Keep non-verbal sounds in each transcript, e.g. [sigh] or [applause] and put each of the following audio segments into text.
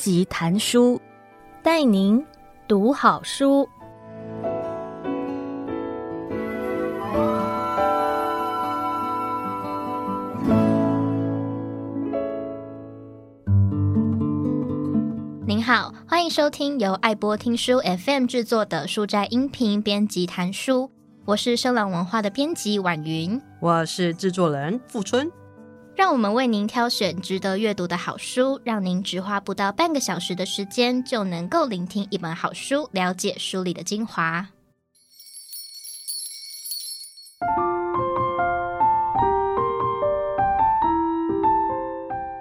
及談書，帶您讀好書。您好，歡迎收聽由愛播聽書 FM 製作的書齋音頻編輯談書，我是聲朗文化的編輯宛昀，我是製作人馥春。讓我們為您挑選值得閱讀的好書，讓您只花不到半個小時的時間就能夠聆聽一本好書，了解書裡的精華。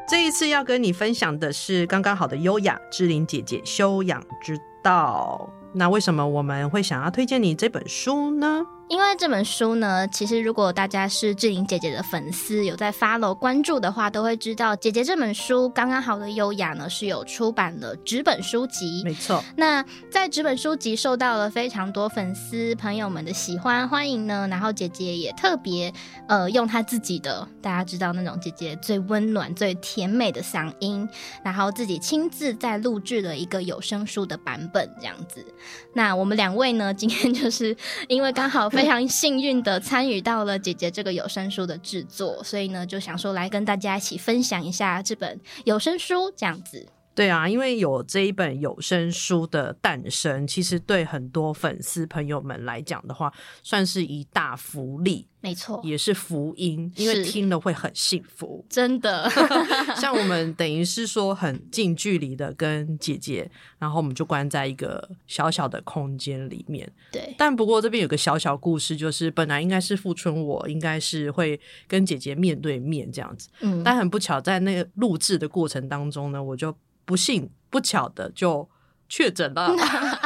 這一次要跟你分享的是剛剛好的優雅，志玲姐姐修養之道。那為什麼我們會想要推薦你這本書呢？因為這本書呢，其實如果大家是志玲姐姐的粉絲，有在 follow 關注的話，都會知道姐姐這本書《剛剛好的優雅》呢是有出版了紙本書籍。沒錯。那在紙本書籍受到了非常多粉絲朋友們的喜歡歡迎呢，然後姐姐也特別呃用她自己的，大家知道那種姐姐最溫暖、最甜美的嗓音，然後自己親自在錄制了一個有聲書的版本，這樣子。那我們兩位呢，今天就是因為剛好非常幸運的參與到了姐姐這個有聲書的制作，所以呢就想說來跟大家一起分享一下這本有聲書，這樣子。對啊，因為有這一本有聲書的誕生，其實對很多粉絲朋友們來講的話，算是一大福利。沒錯，也是福音是，因為聽了會很幸福。真的， [laughs] 像我們等於是說很近距離的跟姐姐，然後我們就關在一個小小的空間裡面。對，但不過這邊有個小小故事，就是本來應該是馥春，我應該是會跟姐姐面對面這樣子。嗯，但很不巧，在那個錄制的過程當中呢，我就。不幸，不巧的就確診了。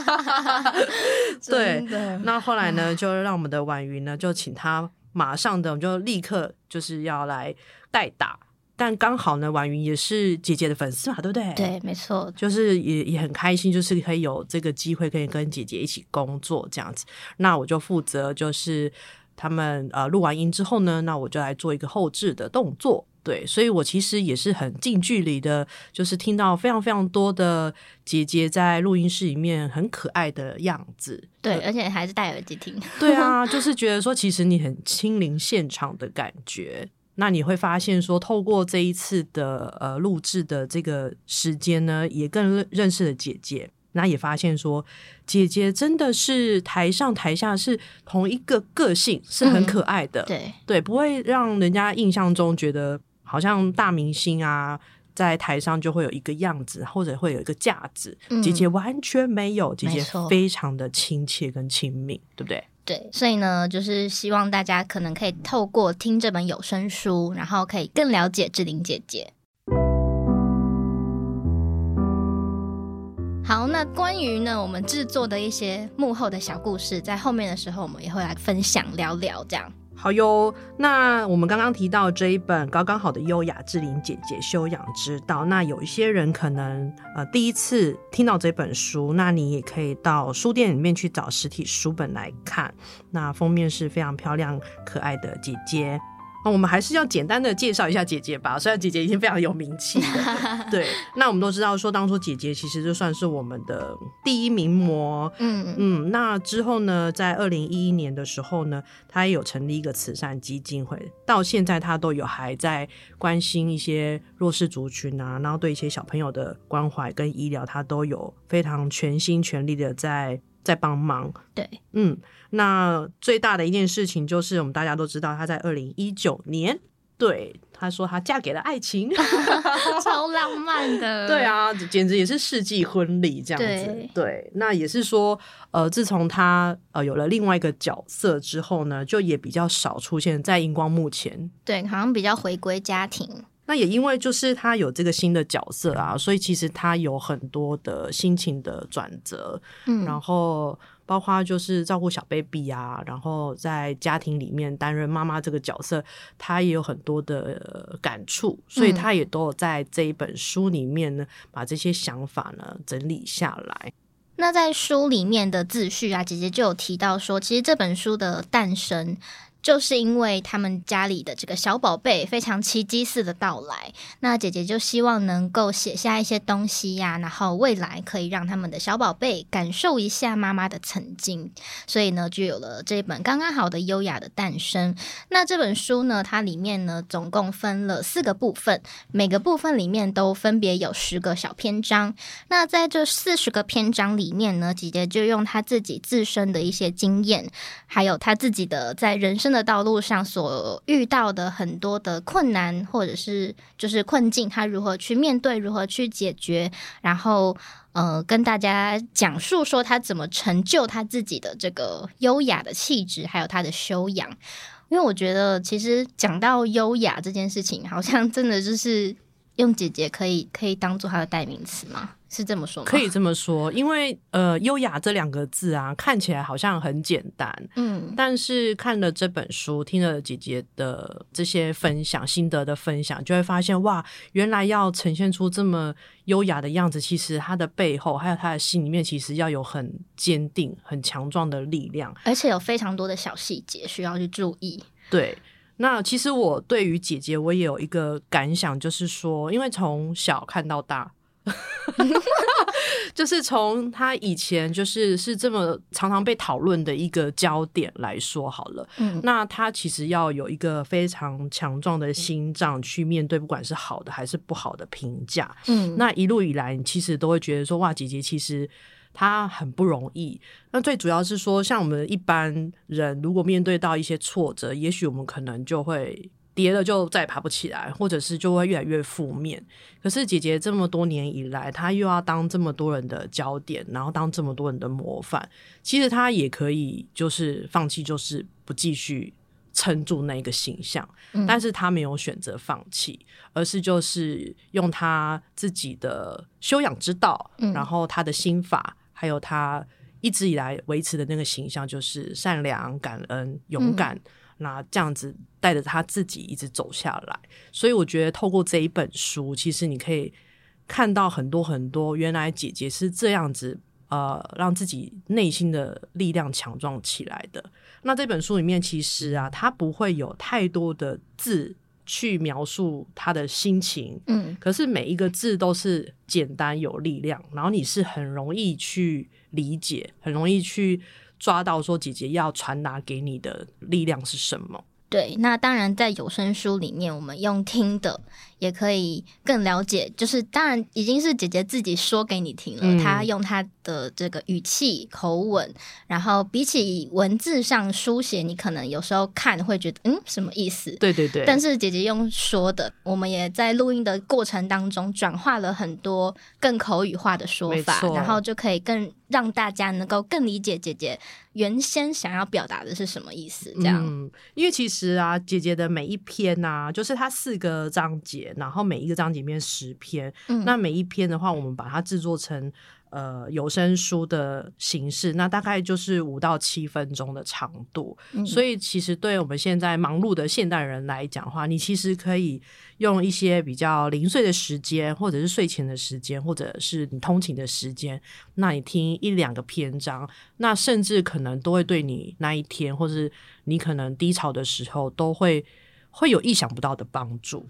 [laughs] [laughs] 對，對。那後來呢，就讓我們的宛昀呢，就請她馬上的，我們就立刻就是要來代打。但剛好呢，宛昀也是姐姐的粉絲嘛，對不對？對，沒錯，就是也也很開心，就是可以有這個機會可以跟姐姐一起工作這樣子。那我就負責就是他們呃錄完音之後呢，那我就來做一個後製的動作。對，所以我其實也是很近距離的，就是聽到非常非常多的姐姐在錄音室裡面很可愛的樣子。對，呃、而且還是戴耳機聽。對啊， [laughs] 就是覺得說，其實你很親臨現場的感覺。那你會發現說，透過這一次的呃錄制的這個時間呢，也更認識了姐姐。那也發現說，姐姐真的是台上台下是同一個個性，嗯、是很可愛的。對對，不會讓人家印象中覺得。好像大明星啊，在台上就會有一個樣子，或者會有一個架子。嗯，姐姐完全沒有，姐姐非常的親切跟親密，對不對？對，所以呢，就是希望大家可能可以透過聽這本有聲書，然後可以更了解志玲姐姐。好，那關於呢，我們制作的一些幕後的小故事，在後面的時候，我們也會來分享聊聊這樣。好喲，那我們剛剛提到這一本《剛剛好的優雅》，志玲姐姐修養之道。那有一些人可能呃第一次聽到這本書，那你也可以到書店裡面去找實體書本來看。那封面是非常漂亮可愛的姐姐。哦、我們還是要簡單的介紹一下姐姐吧，雖然姐姐已經非常有名氣了。 [laughs] 對，那我們都知道，說當初姐姐其實就算是我們的第一名模。嗯嗯。那之後呢，在二零一一年的時候呢，她也有成立一個慈善基金會，到現在她都有還在關心一些弱勢族群啊，然後對一些小朋友的關懷跟醫療，她都有非常全心全力的在在幫忙。對，嗯。那最大的一件事情就是，我們大家都知道他2019，她在二零一九年對，她說她嫁給了愛情， [laughs] 超浪漫的。 [laughs] 對啊，簡直也是世紀婚禮這樣子對。對，那也是說，呃，自從她呃有了另外一個角色之後呢，就也比較少出現在熒光幕前。對，好像比較回歸家庭。那也因為就是她有這個新的角色啊，所以其實她有很多的心情的轉折。嗯，然後。包括就是照顧小 baby 啊，然後在家庭裡面擔任媽媽這個角色，她也有很多的感觸，所以她也都有在這一本書裡面呢，把這些想法呢整理下來。嗯。那在書裡面的自序啊，姐姐就有提到說，其實這本書的誕生。就是因為他們家裡的這個小寶貝非常奇蹟似的到來，那姐姐就希望能夠寫下一些東西呀、啊，然後未來可以讓他們的小寶貝感受一下媽媽的曾經，所以呢就有了這本《剛剛好的優雅》的誕生。那這本書呢，它裡面呢總共分了四個部分，每個部分裡面都分別有十個小篇章。那在這四十個篇章裡面呢，姐姐就用她自己自身的一些經驗，還有她自己的在人生的道路上所遇到的很多的困難或者是就是困境，他如何去面對，如何去解決，然後呃跟大家講述說他怎麼成就他自己的這個優雅的氣質，還有他的修養。因為我覺得，其實講到優雅這件事情，好像真的就是用姐姐可以可以當做他的代名詞嗎？是這麼說嗎？可以這麼說，因為呃，優雅這兩個字啊，看起來好像很簡單，嗯，但是看了這本書，聽了姐姐的這些分享，心得的分享，就會發現哇，原來要呈現出這麼優雅的樣子，其實她的背後還有她的心裡面，其實要有很堅定、很強壯的力量，而且有非常多的小細節需要去注意。對，那其實我對於姐姐，我也有一個感想，就是說，因為從小看到大。 [laughs] 就是從他以前就是是這麼常常被討論的一個焦點來說好了，嗯，那他其實要有一個非常強壯的心臟去面對，不管是好的還是不好的評價，嗯，那一路以來你其實都會覺得說，哇，姐姐其實她很不容易。那最主要是說，像我們一般人如果面對到一些挫折，也許我們可能就會。跌了就再也爬不起來，或者是就會越來越負面。可是姐姐這麼多年以來，她又要當這麼多人的焦點，然後當這麼多人的模範。其實她也可以就是放棄，就是不繼續撐住那個形象、嗯，但是她沒有選擇放棄，而是就是用她自己的修養之道、嗯，然後她的心法，還有她一直以來維持的那個形象，就是善良、感恩、勇敢。嗯那這樣子帶着他自己一直走下來，所以我覺得透過這一本書，其實你可以看到很多很多，原來姐姐是這樣子呃，讓自己內心的力量強壯起來的。那這本書裡面其實啊，它不會有太多的字去描述她的心情，嗯，可是每一個字都是簡單有力量，然後你是很容易去理解，很容易去。抓到說姐姐要傳達給你的力量是什麼？對，那當然在有聲書裡面，我們用聽的也可以更了解。就是當然已經是姐姐自己說給你聽了，嗯、她用她的這個語氣、口吻，然後比起文字上書寫，你可能有時候看會覺得嗯，什麼意思？對對對。但是姐姐用說的，我們也在錄音的過程當中轉化了很多更口語化的說法，然後就可以更。讓大家能夠更理解姐姐原先想要表達的是什麼意思，這樣、嗯。因為其實啊，姐姐的每一篇啊，就是她四個章節，然後每一個章節裡面十篇，嗯，那每一篇的話，我們把它制作成。呃，有聲書的形式，那大概就是五到七分鐘的長度。嗯，所以其實對我們現在忙碌的現代人來講的話，你其實可以用一些比較零碎的時間，或者是睡前的時間，或者是你通勤的時間，那你聽一兩個篇章，那甚至可能都會對你那一天，或者是你可能低潮的時候，都會會有意想不到的幫助。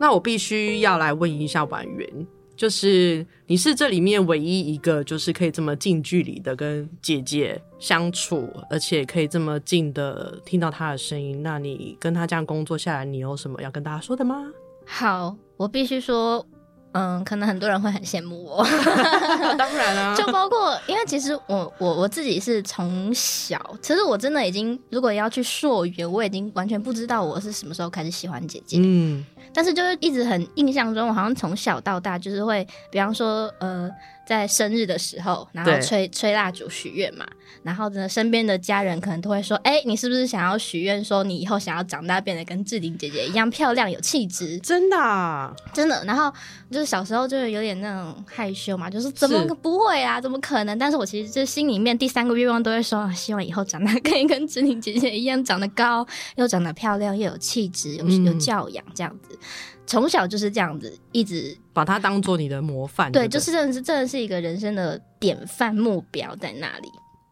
那我必須要來問一下宛昀，就是你是這裡面唯一一個，就是可以這麼近距離的跟姐姐相處，而且可以這麼近的聽到她的聲音。那你跟她這樣工作下來，你有什麼要跟大家說的嗎？好，我必須說。嗯，可能很多人會很羨慕我。 [laughs] [laughs] 當然啦、啊，就包括，因為其實我我我自己是從小，其實我真的已經，如果要去溯源，我已經完全不知道我是什麼時候開始喜歡姐姐。嗯，但是就是一直很印象中，我好像從小到大就是會，比方說，呃。在生日的時候，然後吹吹蠟燭許願嘛，然後呢，身邊的家人可能都會說：“哎，你是不是想要許願說你以後想要長大變得跟志玲姐姐一樣漂亮有氣質？”真的啊，真的。然後就是小時候就是有點那種害羞嘛，就是怎麼個不會啊，怎麼可能？但是我其實就心裡面第三個願望都會說，啊，希望以後長大可以跟志玲姐姐一樣，長得高，又長得漂亮，又有氣質，有有教養這樣子。嗯。從小就是這樣子，一直把他當做你的模範。對，對就是真的是真的是一個人生的典範目標在那裡。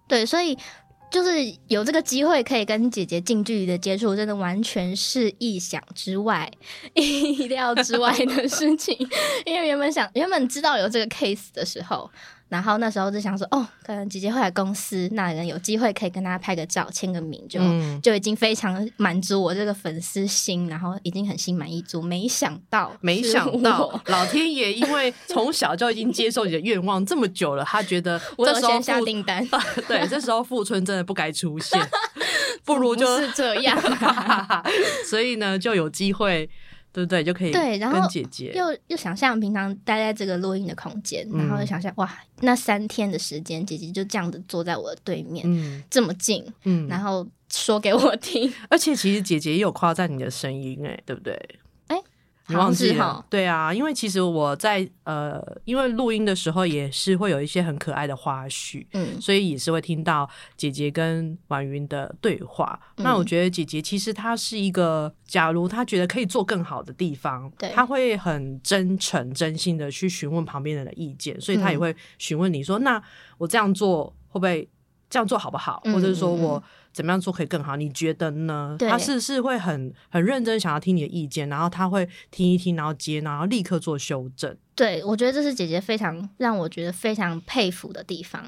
對，所以就是有這個機會可以跟姐姐近距離的接觸，真的完全是意想之外、意料之外的事情。 [laughs] [laughs] 因為原本想原本知道有這個 case 的時候。然後那時候就想說，哦，可能姐姐會來公司，那人有機會可以跟她拍個照，簽個名，就、嗯、就已經非常滿足我這個粉絲心，然後已經很心滿意足。沒想到，沒想到老天爺因為從小就已經接受你的願望這麼久了， [laughs] 他覺得我先下訂單、啊，對，這時候馥春真的不該出現， [laughs] 不如就是這樣，啊， [laughs] 所以呢，就有機會。對不對，就可以跟姐姐對，然後姐姐又又想象平常待在這個錄音的空間，嗯，然後又想象哇，那三天的時間，姐姐就這樣子坐在我的對面，嗯，這麼近，嗯，然後說給我聽，而且其實姐姐也有誇讚你的聲音誒，對不對？你忘記了好好！對啊，因為其實我在呃，因為錄音的時候也是會有一些很可愛的花絮，嗯，所以也是會聽到姐姐跟宛昀的對話，嗯。那我覺得姐姐其實她是一個，假如她覺得可以做更好的地方，對，她會很真誠、真心的去詢問旁邊人的意見，所以她也會詢問你說，嗯，那我這樣做會不會這樣做好不好，嗯嗯嗯，或者說我。怎麼樣做可以更好？你覺得呢？對，他是是會很很認真想要聽你的意見，然後他會聽一聽，然後接，然後立刻做修正。對我覺得這是姐姐非常讓我覺得非常佩服的地方。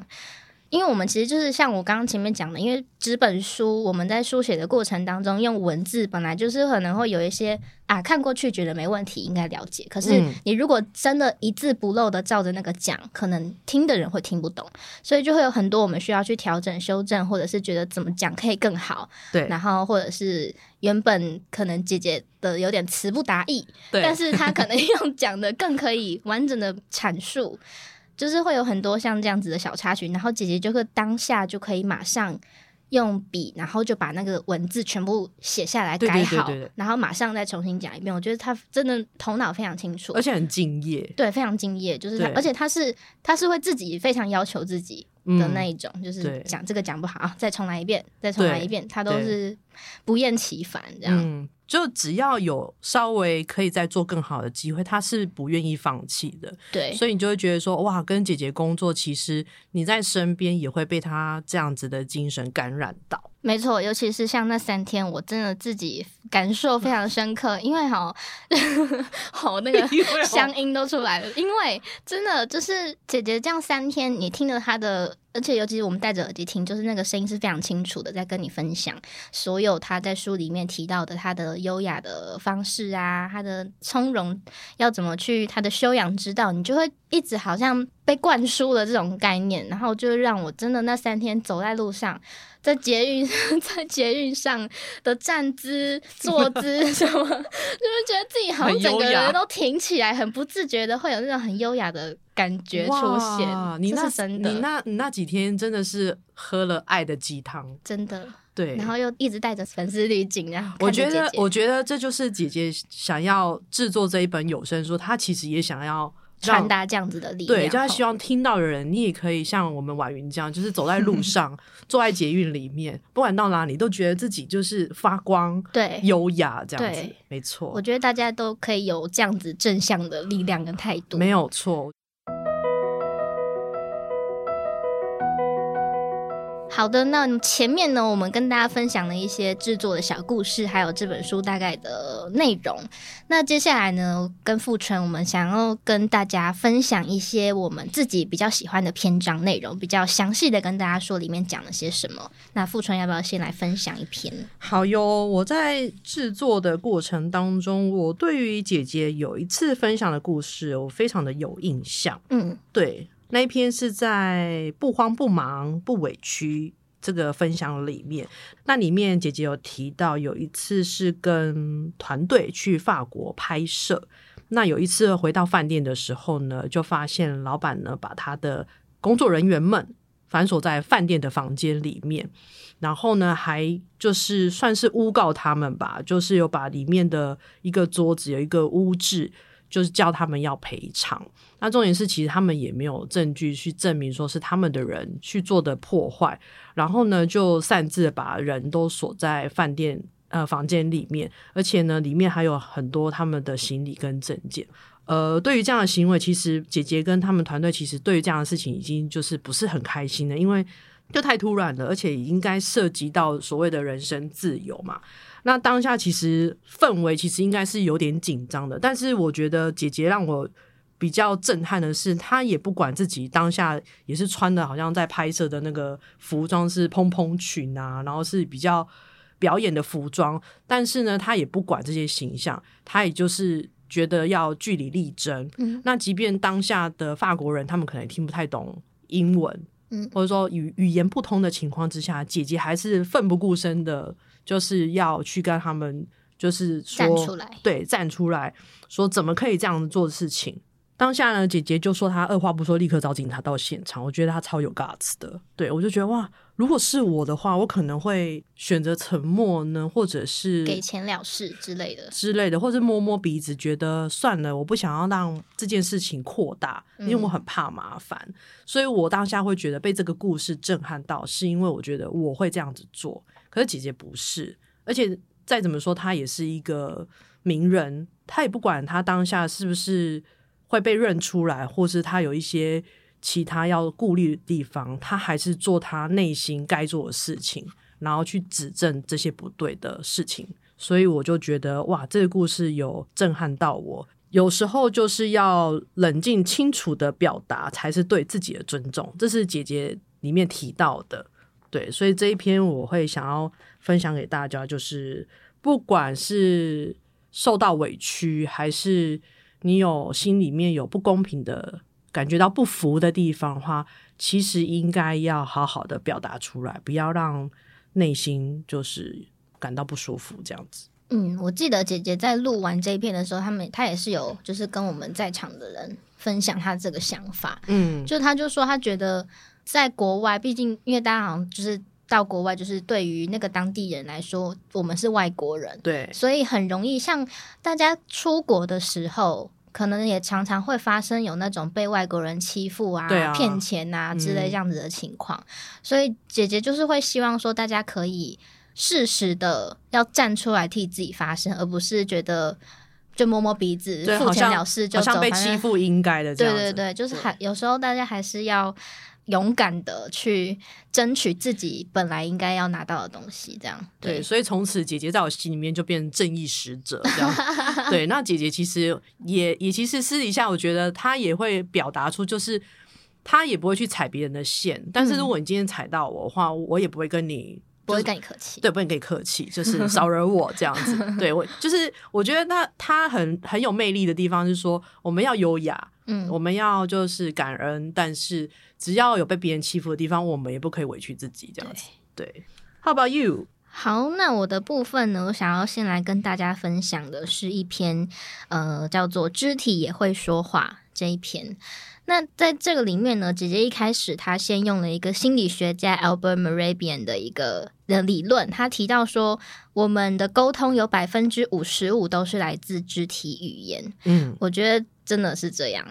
因為我們其實就是像我剛剛前面講的，因為紙本書我們在書寫的過程當中，用文字本來就是可能會有一些啊，看過去覺得沒問題，應該了解。可是你如果真的一字不漏的照着那個講，嗯，可能聽的人會聽不懂，所以就會有很多我們需要去調整、修正，或者是覺得怎麼講可以更好。對。然後或者是原本可能姐姐的有點詞不達意，對。但是她可能用講的更可以完整的闡述。 [laughs] 就是會有很多像這樣子的小插曲，然後姐姐就會當下就可以馬上用筆，然後就把那個文字全部寫下來改好對對對對對，然後馬上再重新講一遍。我覺得她真的頭腦非常清楚，而且很敬業。對，非常敬業，就是她，而且她是她是會自己非常要求自己的那一種，嗯、就是講這個講不好、啊，再重來一遍，再重來一遍，她都是。不厭其煩，這樣，嗯，就只要有稍微可以再做更好的機會，他是不願意放棄的，對，所以你就會覺得說，哇，跟姐姐工作，其實你在身邊也會被她這樣子的精神感染到，沒錯，尤其是像那三天，我真的自己感受非常深刻。嗯，因為好，呵呵好那個鄉音都出來了，因為真的就是姐姐這樣三天，你聽了她的。而且，尤其是我們戴着耳機聽，就是那個聲音是非常清楚的，在跟你分享所有他在書裡面提到的他的優雅的方式啊，他的從容要怎麼去，他的修養之道，你就會一直好像。被灌輸了這種概念，然後就讓我真的那三天走在路上，在捷運在捷運上的站姿坐姿 [laughs] 什麼，就是覺得自己好像整個人都挺起來，很不自覺的會有那種很優雅的感覺出現。哇，你是真的，你那你那，你那幾天真的是喝了愛的雞湯，真的對。然後又一直帶着粉絲濾鏡，然後我覺得我覺得這就是姐姐想要制作這一本有聲書，她其實也想要。傳達這樣子的力量，對，就他希望聽到的人，你也可以像我們宛昀這樣， [laughs] 就是走在路上，坐在捷運裡面，不管到哪裡，都覺得自己就是發光，對，優雅這樣子，沒錯。我覺得大家都可以有這樣子正向的力量跟態度，沒有錯。好的，那前面呢，我們跟大家分享了一些制作的小故事，還有這本書大概的內容。那接下來呢，跟馥春，我們想要跟大家分享一些我們自己比較喜歡的篇章內容，比較詳細的跟大家說裡面講了些什麼。那馥春要不要先來分享一篇？好喲，我在制作的過程當中，我對於姐姐有一次分享的故事，我非常的有印象。嗯，對。那一篇是在不慌不忙不委屈這個分享裡面，那裡面姐姐有提到，有一次是跟團隊去法國拍攝，那有一次回到飯店的時候呢，就發現老闆呢把他的工作人員們反鎖在飯店的房間裡面，然後呢還就是算是誣告他們吧，就是有把裡面的一個桌子有一個污漬。就是叫他們要賠償，那重點是其實他們也沒有證據去證明說是他們的人去做的破壞，然後呢就擅自把人都鎖在飯店呃房間裡面，而且呢裡面還有很多他們的行李跟證件。呃，對於這樣的行為，其實姐姐跟他們團隊其實對於這樣的事情已經就是不是很開心了，因為就太突然了，而且應該涉及到所謂的人身自由嘛。那當下其實氛圍其實應該是有點緊張的，但是我覺得姐姐讓我比較震撼的是，她也不管自己當下也是穿的好像在拍攝的那個服裝是蓬蓬裙啊，然後是比較表演的服裝，但是呢，她也不管這些形象，她也就是覺得要據理力爭。嗯。那即便當下的法國人他們可能聽不太懂英文，嗯，或者說語語言不通的情況之下，姐姐還是奮不顧身的。就是要去跟他們，就是說站出來，對，站出來說怎麼可以這樣子做的事情。當下呢，姐姐就說她二話不說，立刻找警察到現場。我覺得她超有 guts 的，對，我就覺得哇，如果是我的話，我可能會選擇沉默呢，或者是給錢了事之類的，之類的，或是摸摸鼻子，覺得算了，我不想要讓這件事情擴大，因為我很怕麻煩。嗯。所以我當下會覺得被這個故事震撼到，是因為我覺得我會這樣子做。可是姐姐不是，而且再怎麼說，她也是一個名人，她也不管她當下是不是會被認出來，或是她有一些其他要顧慮的地方，她還是做她內心該做的事情，然後去指正這些不對的事情。所以我就覺得，哇，這個故事有震撼到我。有時候就是要冷靜、清楚的表達，才是對自己的尊重。這是姐姐裡面提到的。對，所以這一篇我會想要分享給大家，就是不管是受到委屈，還是你有心裡面有不公平的感覺到不服的地方的話，其實應該要好好的表達出來，不要讓內心就是感到不舒服這樣子。嗯，我記得姐姐在錄完這一篇的時候，他們她也是有就是跟我們在場的人分享她這個想法。嗯，就她就說她覺得。在國外，畢竟因為大家好像就是到國外，就是對於那個當地人來說，我們是外國人，對，所以很容易像大家出國的時候，可能也常常會發生有那種被外國人欺負啊、騙錢啊之類這樣子的情況，嗯。所以姐姐就是會希望說，大家可以適時的要站出來替自己發聲，而不是覺得就摸摸鼻子，對，付錢了事就走，就好，好像被欺負應該的。對，對對對，就是還有時候大家還是要。勇敢的去爭取自己本來應該要拿到的東西，這樣對，對。所以從此，姐姐在我心裡面就變成正義使者。這樣 [laughs] 對，那姐姐其實也也其實私底下，我覺得她也會表達出，就是她也不會去踩別人的線。但是如果你今天踩到我的話，我也不會跟你、嗯就是、不會跟你客氣，對，不會跟你客氣，就是少惹我這樣子。 [laughs] 對我，就是我覺得那她她很很有魅力的地方，就是說我們要優雅。嗯，我們要就是感恩，但是只要有被別人欺負的地方，我們也不可以委屈自己這樣子。對，對，How about you？好，那我的部分呢，我想要先來跟大家分享的是一篇，呃，叫做《肢體也會說話》這一篇。那在這個裡面呢，姐姐一開始她先用了一個心理學家 Albert Mehrabian 的一個。的理論，他提到說，我們的溝通有百分之五十五都是來自肢體語言。嗯，我覺得真的是這樣。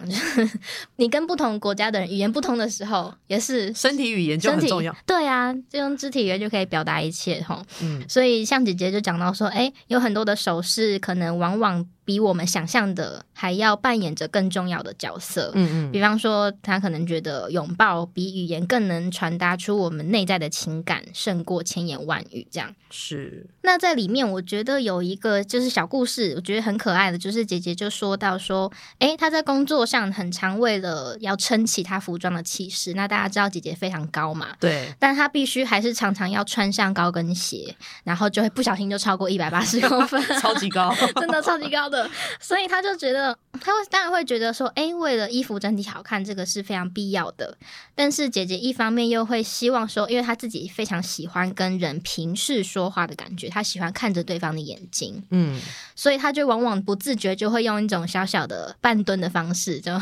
[laughs] 你跟不同國家的人語言不通的時候，也是身體語言就很重要。對啊，就用肢體語言就可以表達一切。齁，嗯。所以像姐姐就講到說，哎、欸，有很多的手勢可能往往比我們想象的還要扮演着更重要的角色。嗯嗯。比方說，他可能覺得擁抱比語言更能傳達出我們內在的情感，勝過千言。言萬語這樣。是那在裡面，我覺得有一個就是小故事，我覺得很可愛的，就是姐姐就說到說，哎、欸，她在工作上很常為了要撐起她服裝的氣勢，那大家知道姐姐非常高嘛，對，但她必須還是常常要穿上高跟鞋，然後就會不小心就超過一百八十公分， [laughs] 超級高， [laughs] 真的超級高的，所以她就覺得，她會當然會覺得說，哎、欸，為了衣服整體好看，這個是非常必要的，但是姐姐一方面又會希望說，因為她自己非常喜歡跟。人平視說話的感覺，他喜歡看着對方的眼睛，嗯，所以他就往往不自覺就會用一種小小的半蹲的方式，就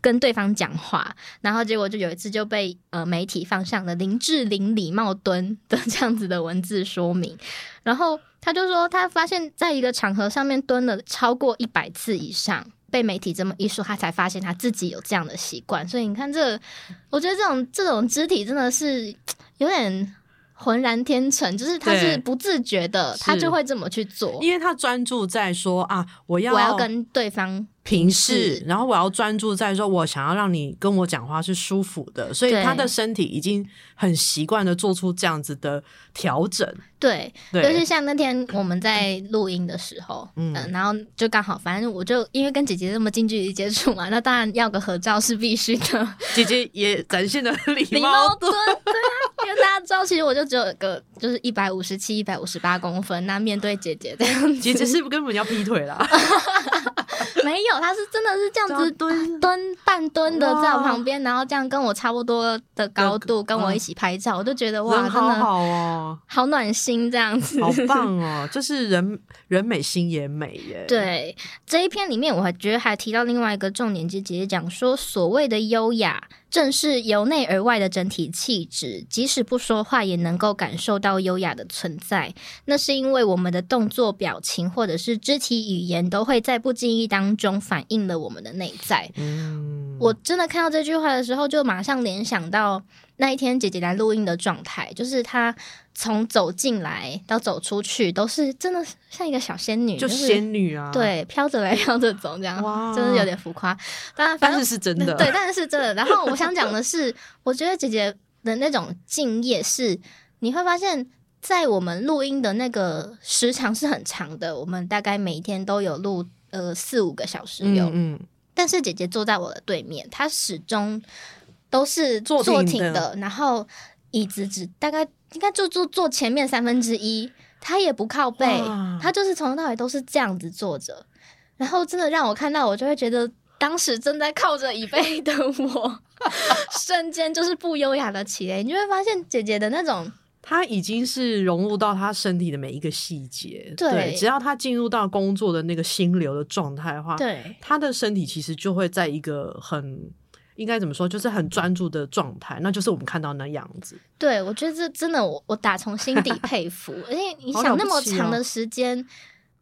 跟對方講話。然後結果就有一次就被呃媒體放上了林志玲禮貌蹲的這樣子的文字說明。然後他就說他發現在一個場合上面蹲了超過一百次以上，被媒體這麼一說，他才發現他自己有這樣的習慣。所以你看這，這我覺得這種這種肢體真的是有點。渾然天成，就是他是不自覺的，他就會這麼去做，因為他專注在說啊，我要我要跟對方平視，然後我要專注在說，我想要讓你跟我講話是舒服的，所以她的身體已經很習慣的做出這樣子的調整。對，就是像那天我們在錄音的時候，嗯，呃、然後就剛好，反正我就因為跟姐姐這麼近距離接觸嘛、啊，那當然要個合照是必須的。姐姐也展現了禮貌，多貌，對啊，因為大家知道，其實我就只有一個，就是一百五十七、一百五十八公分。那面對姐姐這樣子，姐姐是不是根本要劈腿了？ [laughs] [laughs] 沒有，他是真的是這樣子蹲這樣蹲、呃、蹲半蹲的在我旁邊，然後這樣跟我差不多的高度跟我一起拍照，嗯、我就覺得哇，真的好哦，好暖心這樣子，嗯，好，好，哦、好棒哦，就 [laughs] 是人人美心也美耶。對，這一篇裡面我還覺得還提到另外一個重點，就姐姐講說所謂的優雅。正是由內而外的整體氣質，即使不說話，也能夠感受到優雅的存在。那是因為我們的動作、表情或者是肢體語言，都會在不經意當中反映了我們的內在。嗯，我真的看到這句話的時候，就馬上聯想到那一天姐姐來錄音的狀態，就是她。從走進來到走出去，都是真的像一個小仙女，就是仙女啊，就是、對，飄着來飄着走這樣，哇、wow，真的有點浮誇，但反正但是，是真的，對，但是是真的。然後我想講的是， [laughs] 我覺得姐姐的那種敬業是，你會發現在我們錄音的那個時長是很長的，我們大概每一天都有錄呃四五個小時有，嗯，嗯，但是姐姐坐在我的對面，她始終都是坐挺，坐挺的，然後椅子只大概。應該坐坐坐前面三分之一，他也不靠背，他就是從頭到尾都是這樣子坐着，然後真的讓我看到，我就會覺得當時正在靠着椅背的我， [laughs] 瞬間就是不優雅的起來，你就會發現姐姐的那種，他已經是融入到他身體的每一個細節對。對，只要他進入到工作的那個心流的狀態的話，對，他的身體其實就會在一個很。應該怎麼說？就是很專注的狀態，那就是我們看到那樣子。對，我覺得這真的我，我我打從心底佩服。 [laughs] 而且你想那麼長的時間，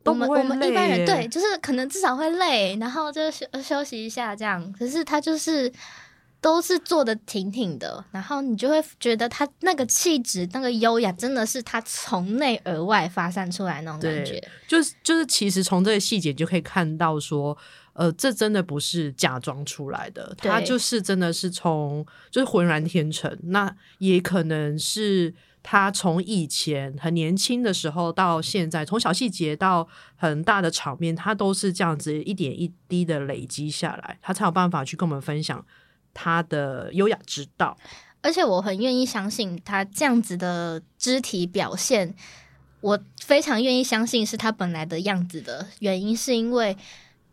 哦，我們我們一般人對，就是可能至少會累，然後就休休息一下這樣。可是他就是。都是做得挺挺的，然後你就會覺得他那個氣質、那個優雅，真的是他從內而外發散出來的那種感覺。就，就是就是，其實從這個細節就可以看到說，說呃，這真的不是假裝出來的，他就是真的是從就是渾然天成。那也可能是他從以前很年輕的時候到現在，從小細節到很大的場面，他都是這樣子一點一滴的累積下來，他才有辦法去跟我們分享。他的優雅之道，而且我很願意相信他這樣子的肢體表現，我非常願意相信是他本來的樣子的原因，是因為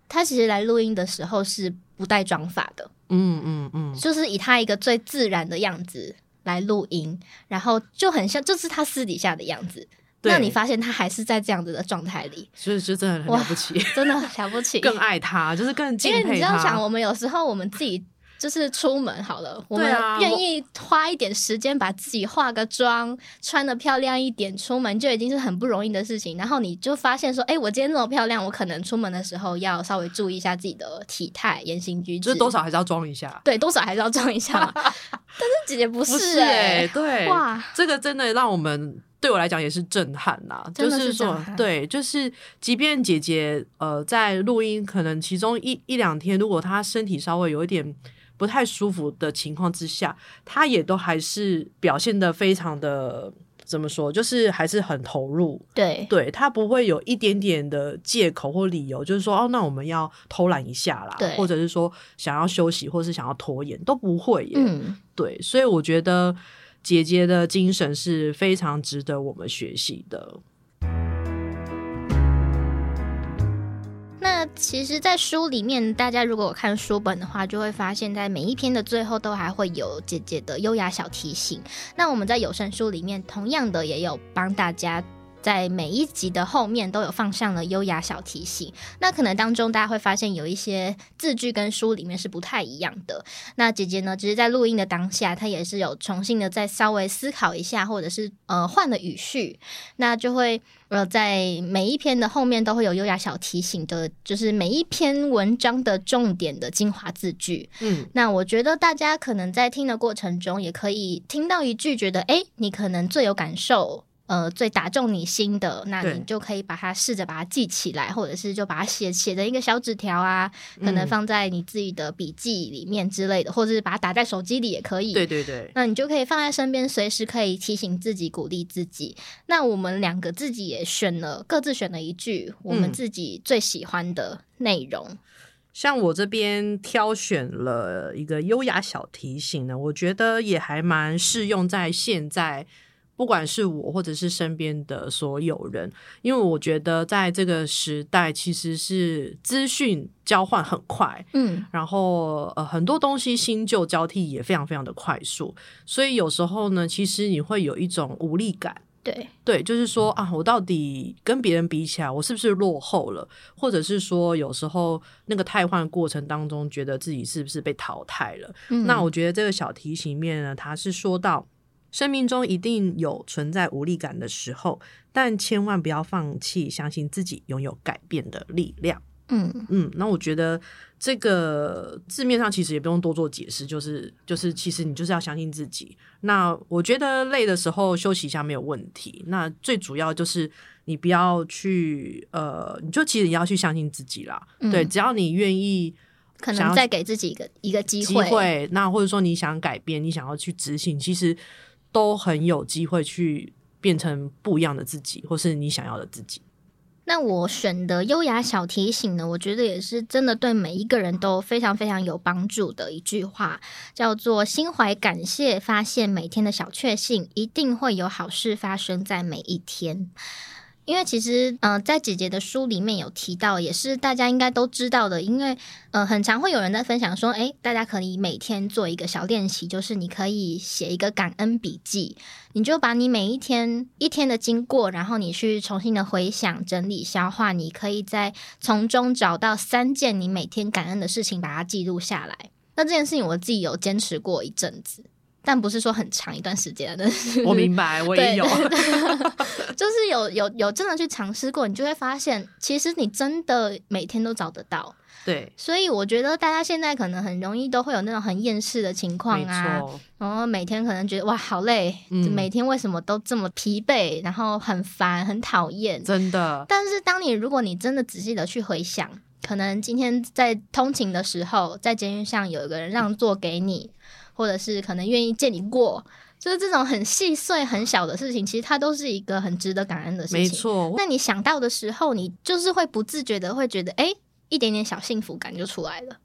他其實來錄音的時候是不帶妝髮的，嗯嗯嗯，就是以他一個最自然的樣子來錄音，然後就很像就是他私底下的樣子。那你發現他還是在這樣子的狀態裡，所以就真的很了不起，真的很了不起， [laughs] 更愛他，就是更敬佩他。因為你知道想，我們有時候我們自己。 [laughs] 就是出門好了，啊、我們願意花一點時間把自己化個妝，穿得漂亮一點，出門就已經是很不容易的事情。然後你就發現說，哎、欸，我今天這麼漂亮，我可能出門的時候要稍微注意一下自己的體態、言行舉止。就是多少還是要裝一下，對，多少還是要裝一下。 [laughs] 但是姐姐不是哎、欸欸，對哇，這個真的讓我們對我來講也是震撼吶，就是說，對，就是即便姐姐呃在錄音，可能其中一一兩天，如果她身體稍微有一點。不太舒服的情況之下，她也都還是表現得非常的怎麼說，就是還是很投入。對，對，她不會有一點點的借口或理由，就是說哦，那我們要偷懶一下啦，或者是說想要休息，或是想要拖延，都不會耶。耶、嗯。對，所以我覺得姐姐的精神是非常值得我們學習的。那其實，在書裡面，大家如果有看書本的話，就會發現，在每一篇的最後都還會有姐姐的優雅小提醒。那我們在有聲書裡面，同樣的也有幫大家。在每一集的後面都有放上了優雅小提醒。那可能當中大家會發現有一些字句跟書裡面是不太一樣的。那姐姐呢，其實在錄音的當下，她也是有重新的再稍微思考一下，或者是呃換了語序，那就會呃在每一篇的後面都會有優雅小提醒的，就是每一篇文章的重點的精華字句。嗯，那我覺得大家可能在聽的過程中，也可以聽到一句，覺得誒，你可能最有感受。呃，最打中你心的，那你就可以把它試着把它記起來，或者是就把它寫寫成一個小紙條啊，可能放在你自己的筆記裡面之類的，嗯、或者是把它打在手機裡也可以。對對對，那你就可以放在身邊，隨時可以提醒自己、鼓勵自己。那我們兩個自己也選了，各自選了一句、嗯、我們自己最喜歡的內容。像我這邊挑選了一個優雅小提醒呢，我覺得也還蠻適用在現在，不管是我，或者是身邊的所有人，因為我覺得在這個時代，其實是資訊交換很快，嗯，然後呃，很多東西新舊交替也非常非常的快速，所以有時候呢，其實你會有一種無力感，對，對，就是說啊，我到底跟別人比起來，我是不是落後了？或者是說，有時候那個汰換過程當中，覺得自己是不是被淘汰了？嗯、那我覺得這個小提醒面呢，它是說到。生命中一定有存在無力感的時候，但千萬不要放棄，相信自己擁有改變的力量。嗯嗯。那我覺得這個字面上其實也不用多做解釋，就是就是，其實你就是要相信自己。那我覺得累的時候休息一下沒有問題。那最主要就是你不要去呃，你就其實你要去相信自己啦。嗯、對，只要你願意，可能再給自己一個一個機會。機會。那或者說你想改變，你想要去執行，其實。都很有機會去變成不一樣的自己，或是你想要的自己。那我選的優雅小提醒呢？我覺得也是真的對每一個人都非常非常有幫助的一句話，叫做“心懷感謝，發現每天的小確幸，一定會有好事發生在每一天。”因為其實，嗯、呃，在姐姐的書裡面有提到，也是大家應該都知道的。因為，呃，很常會有人在分享說，誒，大家可以每天做一個小練習，就是你可以寫一個感恩筆記，你就把你每一天一天的經過，然後你去重新的回想、整理、消化，你可以再從中找到三件你每天感恩的事情，把它記錄下來。那這件事情我自己有堅持過一陣子。但不是說很長一段時間，但是我明白，我也有 [laughs] [laughs] 就是有有有真的去嘗試過，你就會發現，其實你真的每天都找得到。對，所以我覺得大家現在可能很容易都會有那種很厭世的情況啊，然後每天可能覺得哇好累，嗯、就每天為什麼都這麼疲憊，然後很煩很討厭，真的。但是當你如果你真的仔細的去回想，可能今天在通勤的時候，在捷運上有一個人讓座給你。或者是可能願意見你過，就是這種很細碎很小的事情，其實它都是一個很值得感恩的事情。沒錯，那你想到的時候，你就是會不自覺的會覺得，哎、欸，一點點小幸福感就出來了。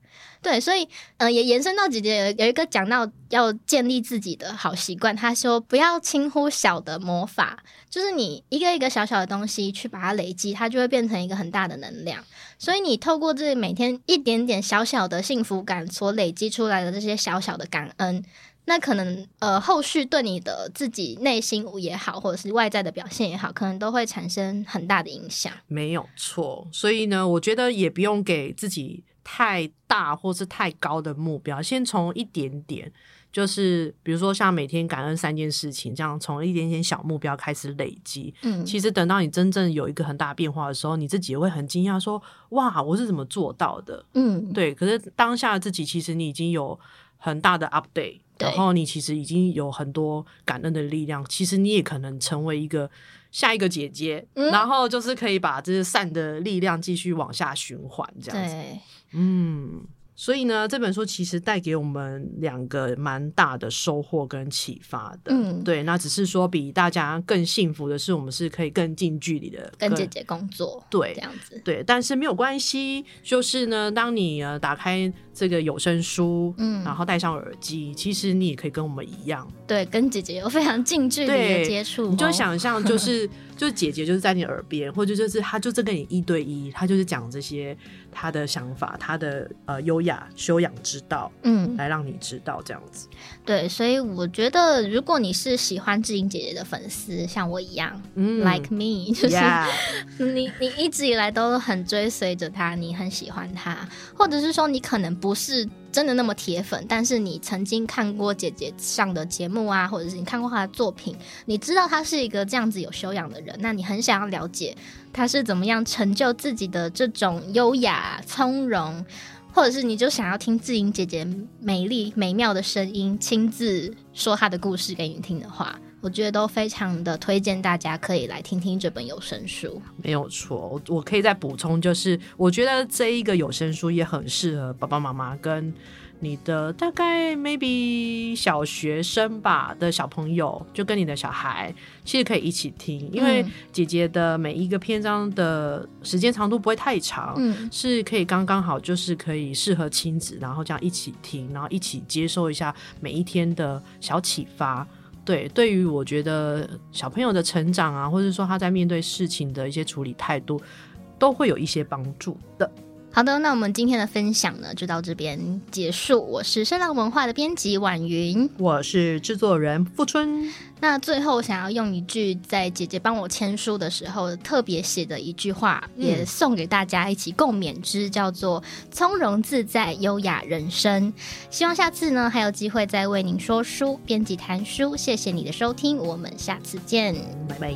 對，所以呃，也延伸到姐姐有，有一個講到要建立自己的好習慣，她說不要輕忽小的魔法，就是你一個一個小小的東西去把它累積，它就會變成一個很大的能量。所以你透過自己每天一點點小小的幸福感所累積出來的這些小小的感恩，那可能呃後續對你的自己內心也好，或者是外在的表現也好，可能都會產生很大的影響。沒有錯，所以呢，我覺得也不用給自己。太大或是太高的目標，先從一點點，就是比如說像每天感恩三件事情這樣，從一點點小目標開始累積。嗯，其實等到你真正有一個很大變化的時候，你自己也會很驚訝，說，哇，我是怎麼做到的？嗯，對。可是當下自己其實你已經有很大的 update，然後你其實已經有很多感恩的力量。其實你也可能成為一個。下一個姐姐，嗯，然後就是可以把這些善的力量繼續往下循環，這樣子。嗯，所以呢，這本書其實帶給我們兩個蠻大的收穫跟啟發的。嗯、對。那只是說，比大家更幸福的是，我們是可以更近距離的跟姐姐工作。對，這樣子。對，但是沒有關係。就是呢，當你呃打開。這個有聲書，嗯，然後戴上耳機，其實你也可以跟我們一樣，對，跟姐姐有非常近距離的接觸。哦、你就想象，就是， [laughs] 就是姐姐就是在你耳邊，或者就是她就是跟你一對一，她就是講這些她的想法，她的呃優雅修養之道，嗯，來讓你知道這樣子。對，所以我覺得，如果你是喜歡志玲姐姐的粉絲，像我一樣，嗯，like me，就是、yeah. [laughs] 你，你一直以來都很追隨着她，你很喜歡她，或者是說你可能不。不是真的那麼鐵粉，但是你曾經看過姐姐上的節目啊，或者是你看過她的作品，你知道她是一個這樣子有修養的人，那你很想要了解她是怎麼樣成就自己的這種優雅從容，或者是你就想要聽志玲姐姐美麗美妙的聲音，親自說她的故事給你聽的話。我覺得都非常的推薦，大家可以來聽聽這本有聲書。沒有錯，我可以再補充，就是我覺得這一個有聲書也很適合爸爸媽媽跟你的大概 maybe 小學生吧的小朋友，就跟你的小孩其實可以一起聽，因為姐姐的每一個篇章的時間長度不會太長，嗯，是可以剛剛好，就是可以適合親子，然後這樣一起聽，然後一起接受一下每一天的小啟發。對，對於我覺得小朋友的成長啊，或者說他在面對事情的一些處理態度，都會有一些幫助的。好的，那我們今天的分享呢，就到這邊結束。我是聲朗文化的編輯宛昀，我是制作人馥春。那最後，想要用一句在姐姐幫我簽書的時候特別寫的一句話，也送給大家一起共勉之，嗯、叫做“從容自在，優雅人生”。希望下次呢，還有機會再為您說書、編輯談書。謝謝你的收聽，我們下次見，拜拜。